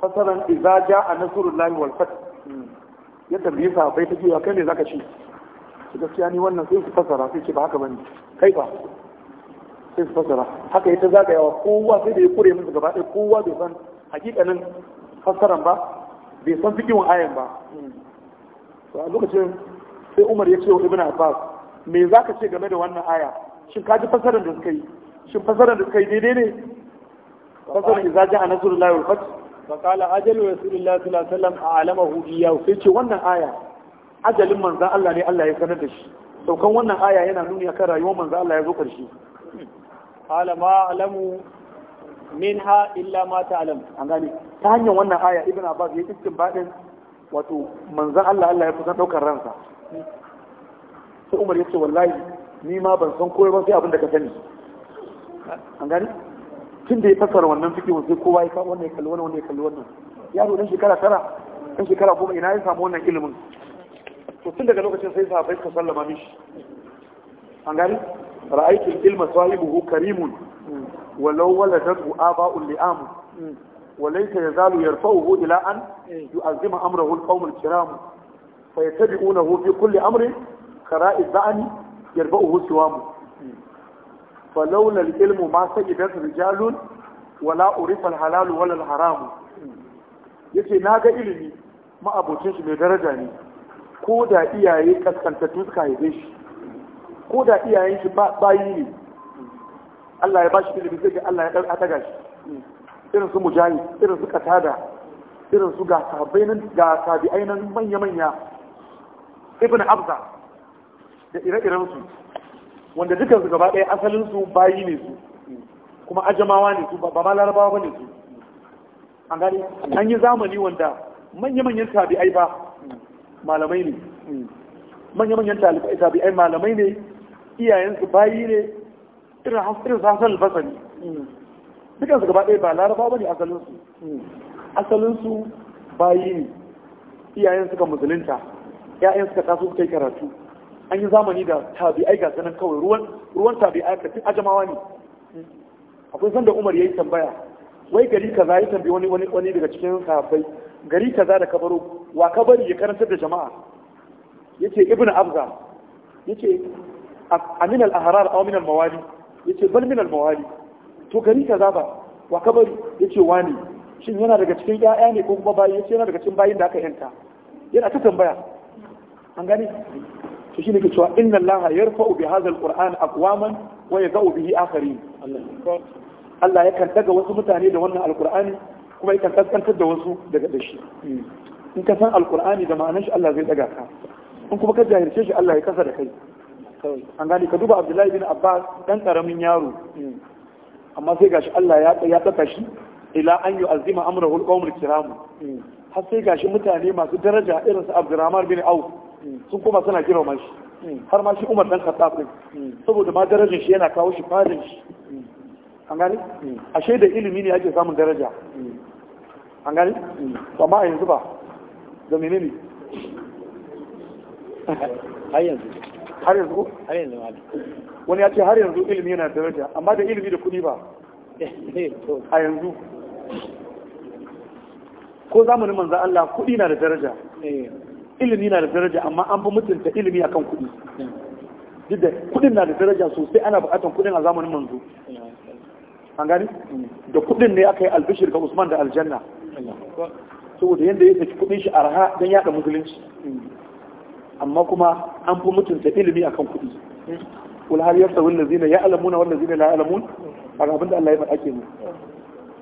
fasaran idza jaa nasrullahi wal fath yadda me sa bai take wa kai ne zaka ci su gaskiya ni wannan sai su fasara sai ce ba haka bane kai ba sai su fasara haka ita yawa, kowa sai da ya kure musu gaba ɗaya kowa bai san hakikanin fasaran ba bai san fi kiwon ayan ba a lokacin sai umar ya ce wa ibn abbas me za ka ce game da wannan aya shin ka ji fasarar da suka yi shin fasarar da suka yi daidai ne fasarar da za a nasiru layar fat fakala ajalu rasulullah sallallahu alaihi wasallam a alama sai ce wannan aya ajalin manzo Allah ne Allah ya sanar da shi saukan wannan aya yana nuni akan rayuwar manzo Allah ya zo ƙarshe. alama alamu ha illa ma ta'lam an gane ta hanyar wannan aya ibn abbas ya cikin badin wato manzon Allah Allah ya kusa daukar ransa sai umar ya ce wallahi ni ma ban san koyar ba sai abin da ka sani an gane tun da ya fasara wannan fikihun sai kowa ya kawo wannan ya kalli wannan wannan ya kalli wannan yaro dan shekara tara dan shekara goma ina ya samu wannan ilimin to tun daga lokacin sai sahabbai suka sallama mishi an gane ra'aytul ilma sahibuhu karimun walau waladatu aba'ul li'am walaysa yazalu yarfa'uhu ila an yu'azzima amrahu al-qawm al-kiram fa yattabi'unahu fi kulli amrin kara'iz فلولا العلم ما سجدت رجال ولا عرف الحلال ولا الحرام yace na ga ilimi ma'abocin shi mai daraja ne ko da iyaye kaskantattu suka haife shi ko da iyayen shi bayi ne Allah ya bashi ilimi zai ga Allah ya daga shi irin su mujayi irin su katada irin su ga sabi ainihin manya-manya ibn abza da ire-iren su wanda dukkan su gaba ɗaya asalin su bayi ne su kuma ajamawa ne su ba ma larabawa ba ne su an gani an yi zamani wanda manya-manyan tabi'ai ba malamai ne manya-manyan tabi'ai malamai ne iyayensu bayi ne irin irin hasan basari mm. dukansu gaba ɗaya ba laraba ba ne asalinsu mm. asalinsu bayi ne iyayen suka musulunta 'ya'yan suka taso suka yi karatu an yi zamani da tabi'ai ga sanan kawai ruwan tabi'ai ka ajamawa ne mm. akwai sanda umar ya yi tambaya wai gari kaza ya tambayi wani wani wani daga cikin sahabbai gari kaza da kabaro wa kabari ya karantar da jama'a yace ibnu abza yace aminal al-ahrar aw min mawali yace bal min al mawali to gari ka zaba wa kabari yace wani shin yana daga cikin ƴaƴa ne ko kuma bayi yace yana daga cikin bayin da aka yanka, yana ta tambaya an gani to shine ke cewa inna Allah yarfa'u bi hadha al-Qur'an aqwaman wa yadh'u bihi akharin Allah yakan daga wasu mutane da wannan alqur'ani kuma yakan kaskantar da wasu daga dashi in ka san alqur'ani da ma'anar shi Allah zai daga ka in kuma ka jahilce shi Allah ya kasa da kai kawai an gani ka duba abdullahi bin abbas dan karamin yaro hmm. amma sai gashi Allah ya ya shi ila an yu'azzima amrahu al-qawmul kiram hmm. har sai gashi mutane masu daraja irin su abdurrahman bin auf hmm. sun koma suna kira ma shi har ma shi umar dan khattab din saboda ma darajar shi yana kawo shi fadin shi an gani ashe da ilimi ne ake samun daraja an gani amma a yanzu ba da menene har yanzu har yanzu wani ya ce har yanzu ilimi yana daraja amma da ilimi da kuɗi ba eh, a yanzu ko zamanin manza Allah kuɗi na da daraja eh. ilimi na da daraja amma an fi mutunta ilimi akan kuɗi duk da kuɗin na da daraja sosai ana buƙatar kuɗin a zamanin manzo an gani mm. da kuɗin ne aka yi albishir ga Usman da aljanna saboda yadda ya saki kuɗin shi arha don yada musulunci mm. amma kuma an fi mutunta ilimi akan kuɗi kul har yasta wani lazina ya alamuna wani lazina ya alamun a abinda Allah ya faɗa ke mu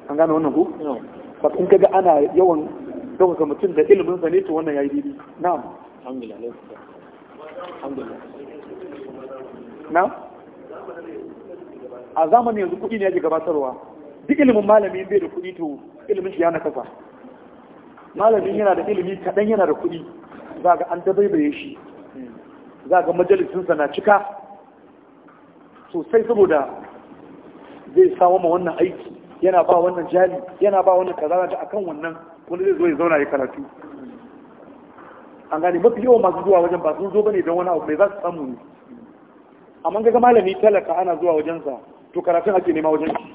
an gane wannan ku ba kun kaga ana yawan ɗaukaka mutum da ilimin sa ne to wannan yayi daidai na'am alhamdulillah alhamdulillah na'am a zamanin yanzu kuɗi ne yake gabatarwa duk ilimin malami bai da kuɗi to ilimin shi ya na kasa malamin yana da ilimi kaɗan yana da kuɗi za ga an dabaibaye shi za ga majalisinsa na cika sosai saboda zai samu ma wannan aiki yana ba wannan jali yana ba wannan kaza da akan wannan wanda zai zo ya zauna ya karatu an gane mafi yawan masu zuwa wajen ba sun zo bane don wani abu mai za su samu ne amma ga malami talaka ana zuwa wajensa to karatun ake nema wajen shi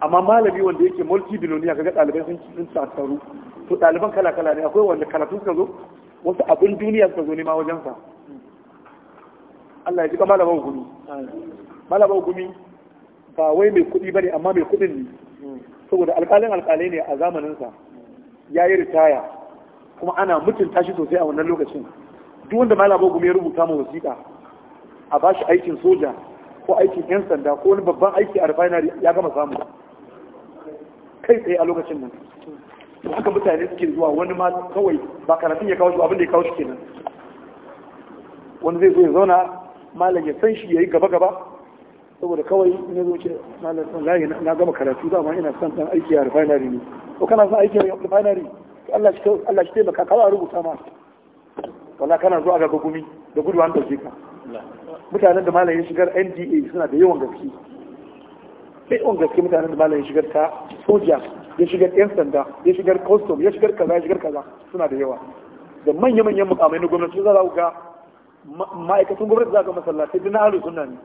amma malami wanda yake multi biloniya kaga ɗalibai sun sun tattaru to ɗaliban kala kala ne akwai wanda karatun suka zo wasu abin duniya suka zo nema wajensa Allah ya ji kamar malaman gumi malaman gumi ba wai mai kuɗi ba ne, amma mai kuɗin ne saboda alƙalin alƙalai ne a zamaninsa ya yi ritaya kuma ana mutunta shi sosai a wannan lokacin duk wanda malaman gumi ya rubuta ma wasiƙa a ba shi aikin soja ko aikin 'yan sanda ko wani babban aiki a refinery ya gama samu kai tsaye a lokacin nan to haka mutane suke zuwa wani ma kawai ba karatun ya kawo shi abin da ya kawo shi kenan wani zai zo ya zauna malam ya san shi ya yi gaba gaba saboda kawai na zo ce malam layi na gama karatu dama ina son dan aiki a refinery ne to kana son aiki a refinery Allah shi Allah shi taimaka kawai a rubuta ma wala kana zuwa ga gumi da gudu an dauke ka mutanen da malam ya shigar NDA suna da yawan gaske sai yawan gaske mutanen da malam ya shigar ta soja ya shigar yan sanda ya shigar custom ya shigar kaza ya shigar kaza suna da yawa da manya manyan mukamai na gwamnati za ku ga ma'aikatan gwamnati za ga masallaci duk na ahlus sunna ne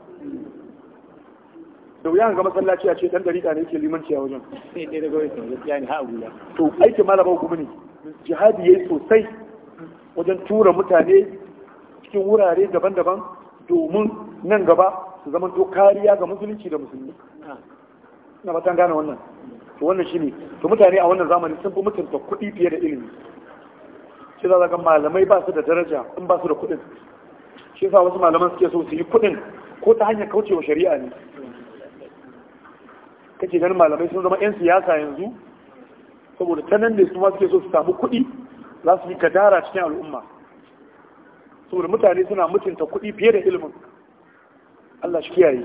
da wuyan ga masallaci a ce dan dariƙa ne yake limanci a wajen sai dai daga wajen gaskiya ne ha wuya to aikin malama kuma ne jihadi yi sosai wajen tura mutane cikin wurare daban-daban domin nan gaba su zama to kariya ga musulunci da musulmi na batan gane wannan to wannan ne to mutane a wannan zamani sun fi mutunta kuɗi fiye da ilimi shi za ga malamai ba su da daraja in ba su da kuɗin shi yasa wasu malaman suke so su yi kuɗin ko ta hanyar kaucewa shari'a ne kake ganin malamai sun zama 'yan siyasa yanzu saboda ta nan ne su ma suke so su samu kuɗi za su yi kadara cikin al'umma saboda mutane suna mutunta kuɗi fiye da ilimin Allah shi kiyaye